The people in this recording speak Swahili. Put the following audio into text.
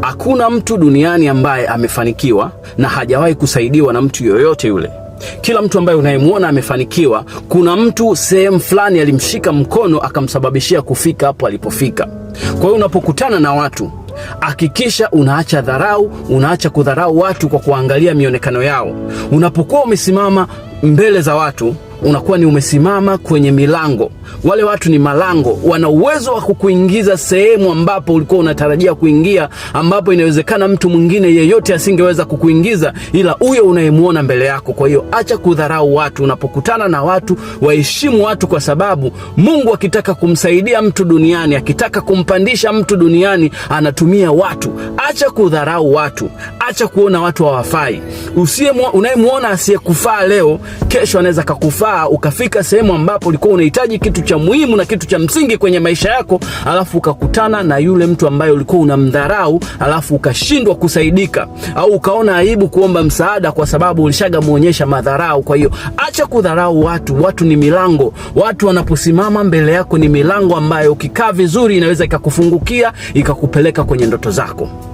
Hakuna mtu duniani ambaye amefanikiwa na hajawahi kusaidiwa na mtu yoyote yule. Kila mtu ambaye unayemwona amefanikiwa, kuna mtu sehemu fulani alimshika mkono akamsababishia kufika hapo alipofika. Kwa hiyo unapokutana na watu hakikisha unaacha dharau, unaacha kudharau watu kwa kuangalia mionekano yao. Unapokuwa umesimama mbele za watu unakuwa ni umesimama kwenye milango. Wale watu ni malango, wana uwezo wa kukuingiza sehemu ambapo ulikuwa unatarajia kuingia, ambapo inawezekana mtu mwingine yeyote asingeweza kukuingiza ila huyo unayemwona mbele yako. Kwa hiyo acha kudharau watu, unapokutana na watu waheshimu watu, kwa sababu Mungu akitaka kumsaidia mtu duniani, akitaka kumpandisha mtu duniani, anatumia watu. Acha kudharau watu, acha kuona watu hawafai. Unayemwona asiyekufaa leo, kesho anaweza kakufaa, ukafika sehemu ambapo ulikuwa unahitaji kitu cha muhimu na kitu cha msingi kwenye maisha yako, alafu ukakutana na yule mtu ambaye ulikuwa unamdharau, alafu ukashindwa kusaidika au ukaona aibu kuomba msaada, kwa sababu ulishagamwonyesha madharau. Kwa hiyo acha kudharau watu. Watu ni milango, watu wanaposimama mbele yako ni milango ambayo ukikaa vizuri inaweza ikakufungukia ikakupeleka kwenye ndoto zako.